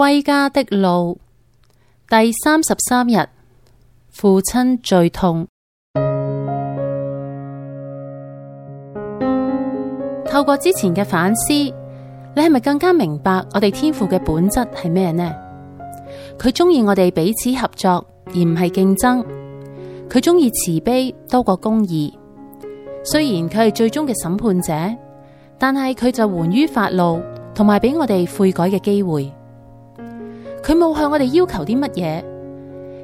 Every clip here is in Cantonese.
歸家的路第三十三日，父親最痛。透過之前嘅反思，你係咪更加明白我哋天父嘅本質係咩呢？佢中意我哋彼此合作，而唔係競爭。佢中意慈悲多過公義。雖然佢係最終嘅審判者，但係佢就援於法路，同埋俾我哋悔改嘅機會。佢冇向我哋要求啲乜嘢，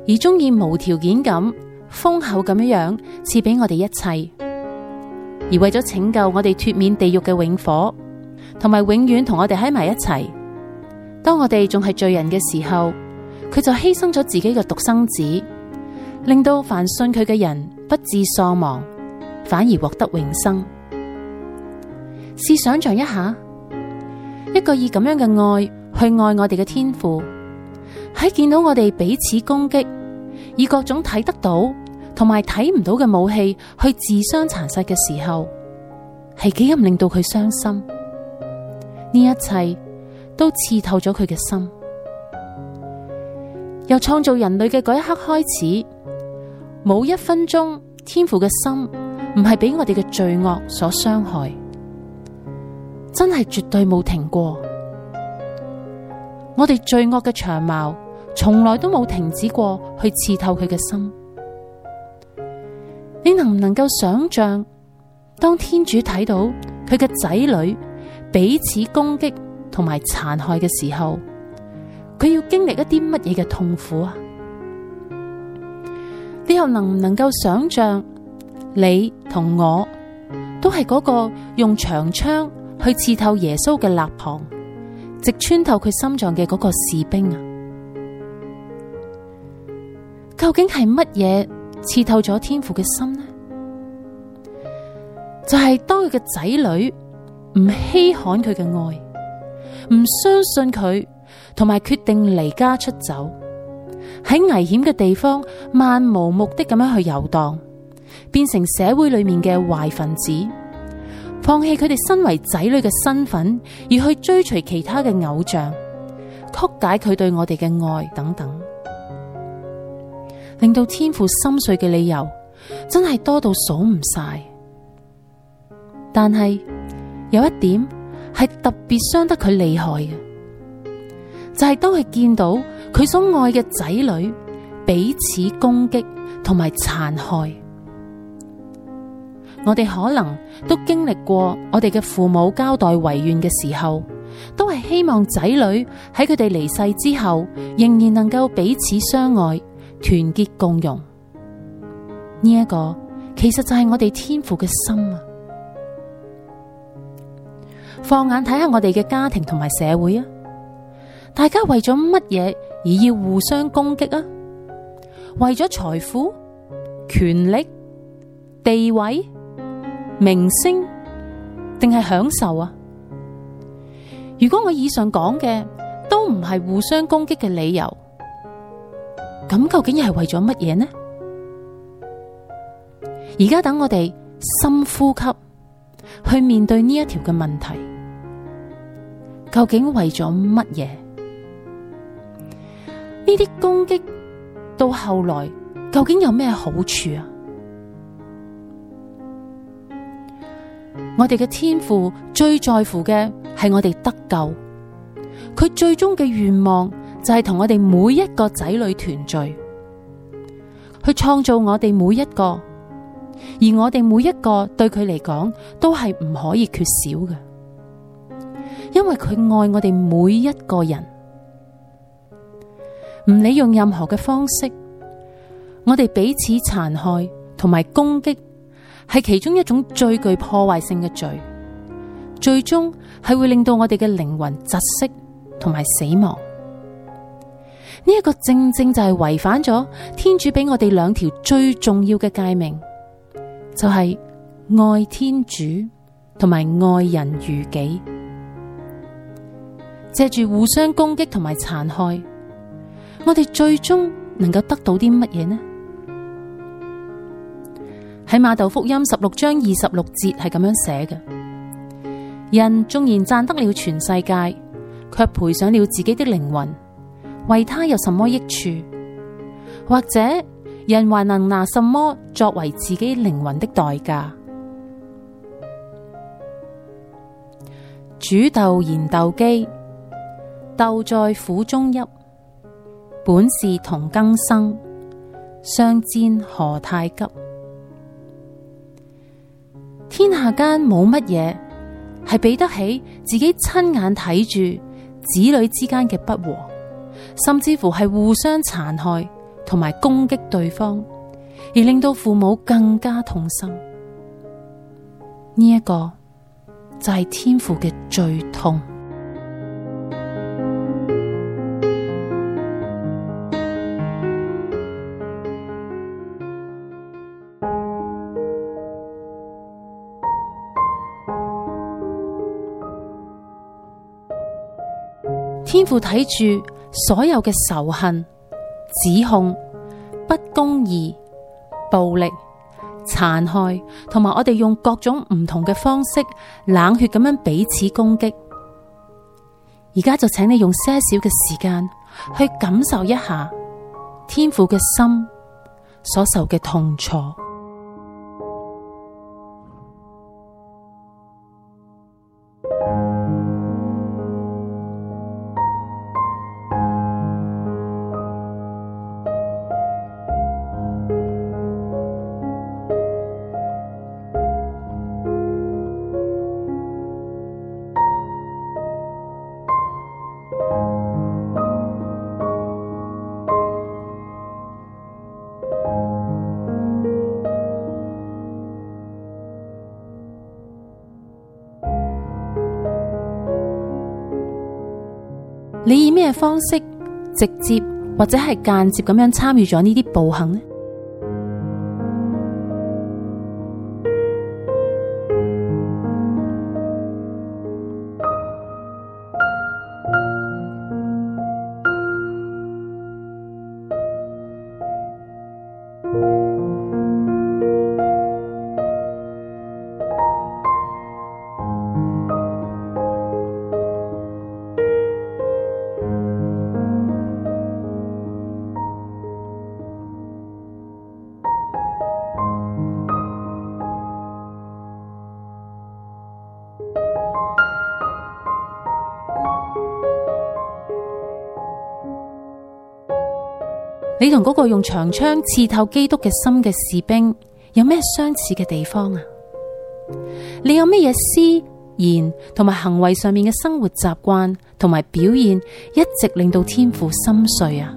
而中意無條件咁豐厚咁樣樣賜俾我哋一切，而為咗拯救我哋脫免地獄嘅永火，同埋永遠同我哋喺埋一齊。當我哋仲係罪人嘅時候，佢就犧牲咗自己嘅獨生子，令到凡信佢嘅人不至喪亡，反而獲得永生。試想像一下，一個以咁樣嘅愛去愛我哋嘅天父。喺見到我哋彼此攻擊，以各種睇得到同埋睇唔到嘅武器去自相殘殺嘅時候，係幾咁令到佢傷心？呢一切都刺透咗佢嘅心。由創造人類嘅嗰一刻開始，冇一分鐘，天父嘅心唔係俾我哋嘅罪惡所傷害，真係絕對冇停過。我哋罪惡嘅長矛，從來都冇停止過去刺透佢嘅心。你能唔能夠想象，當天主睇到佢嘅仔女彼此攻擊同埋殘害嘅時候，佢要經歷一啲乜嘢嘅痛苦啊？你又能唔能夠想象，你同我都係嗰個用長槍去刺透耶穌嘅肋旁？直穿透佢心臟嘅嗰個士兵啊，究竟係乜嘢刺透咗天父嘅心呢？就係當佢嘅仔女唔稀罕佢嘅愛，唔相信佢，同埋決定離家出走，喺危險嘅地方漫無目的咁樣去遊蕩，變成社會裏面嘅壞分子。放棄佢哋身為仔女嘅身份，而去追隨其他嘅偶像，曲解佢對我哋嘅愛等等，令到天父心碎嘅理由，真係多到數唔晒。但係有一點係特別傷得佢厲害嘅，就係都係見到佢所愛嘅仔女彼此攻擊同埋殘害。我哋可能都經歷過我哋嘅父母交代遺願嘅時候，都係希望仔女喺佢哋離世之後，仍然能夠彼此相愛、團結共融。呢、這、一個其實就係我哋天父嘅心啊！放眼睇下我哋嘅家庭同埋社會啊，大家為咗乜嘢而要互相攻擊啊？為咗財富、權力、地位？明星定係享受啊！如果我以上講嘅都唔係互相攻擊嘅理由，咁究竟係為咗乜嘢呢？而家等我哋深呼吸，去面對呢一條嘅問題，究竟為咗乜嘢？呢啲攻擊到後來究竟有咩好處啊？我哋嘅天父最在乎嘅係我哋得救，佢最終嘅願望就係同我哋每一個仔女團聚，去創造我哋每一個，而我哋每一個對佢嚟講都係唔可以缺少嘅，因為佢愛我哋每一個人，唔理用任何嘅方式，我哋彼此殘害同埋攻擊。係其中一種最具破壞性嘅罪，最終係會令到我哋嘅靈魂窒息同埋死亡。呢、這、一個正正就係違反咗天主俾我哋兩條最重要嘅誡命，就係、是、愛天主同埋愛人如己。借住互相攻擊同埋殘害，我哋最終能夠得到啲乜嘢呢？喺《馬竇福音》十六章二十六節係咁樣寫嘅：人縱然賺得了全世界，卻賠上了自己的靈魂，為他有什麼益處？或者人還能拿什麼作為自己靈魂的代價？煮豆燃豆萁，豆在釜中泣，本是同根生，相煎何太急？天下間冇乜嘢係比得起自己親眼睇住子女之間嘅不和，甚至乎係互相殘害同埋攻擊對方，而令到父母更加痛心。呢、這、一個就係天父嘅最痛。天父睇住所有嘅仇恨、指控、不公義、暴力、殘害，同埋我哋用各種唔同嘅方式冷血咁樣彼此攻擊。而家就請你用些少嘅時間去感受一下天父嘅心所受嘅痛楚。嘅方式，直接或者係間接咁樣參與咗呢啲暴行呢？你同嗰個用長槍刺透基督嘅心嘅士兵有咩相似嘅地方啊？你有咩嘢思言同埋行為上面嘅生活習慣同埋表現，一直令到天父心碎啊？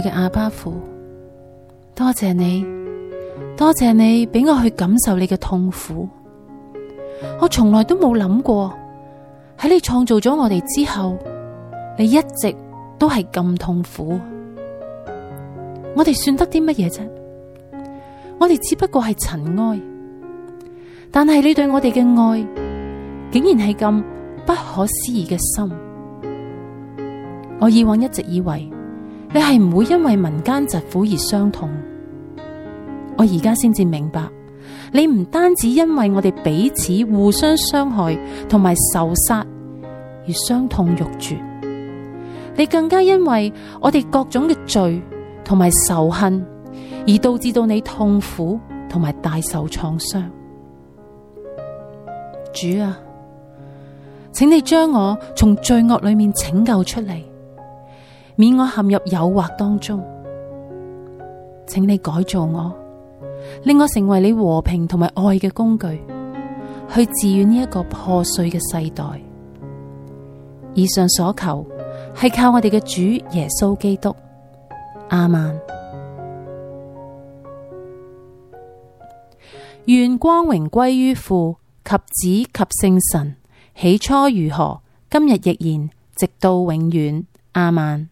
嘅阿爸父，多謝你，多謝你俾我去感受你嘅痛苦。我從來都冇諗過，喺你創造咗我哋之後，你一直都係咁痛苦。我哋算得啲乜嘢啫？我哋只不過係塵埃，但係你對我哋嘅愛，竟然係咁不可思議嘅深。我以往一直以為，你係唔會因為民間疾苦而傷痛，我而家先至明白，你唔單止因為我哋彼此互相傷害同埋仇殺而傷痛欲絕，你更加因為我哋各種嘅罪同埋仇恨而導致到你痛苦同埋大受創傷。主啊，請你將我從罪惡裏面拯救出嚟。免我陷入誘惑當中，請你改造我，令我成為你和平同埋愛嘅工具，去治癒呢一個破碎嘅世代。以上所求係靠我哋嘅主耶穌基督，亞孟。願光榮歸於父及子及聖神。起初如何，今日亦然，直到永遠。亞孟。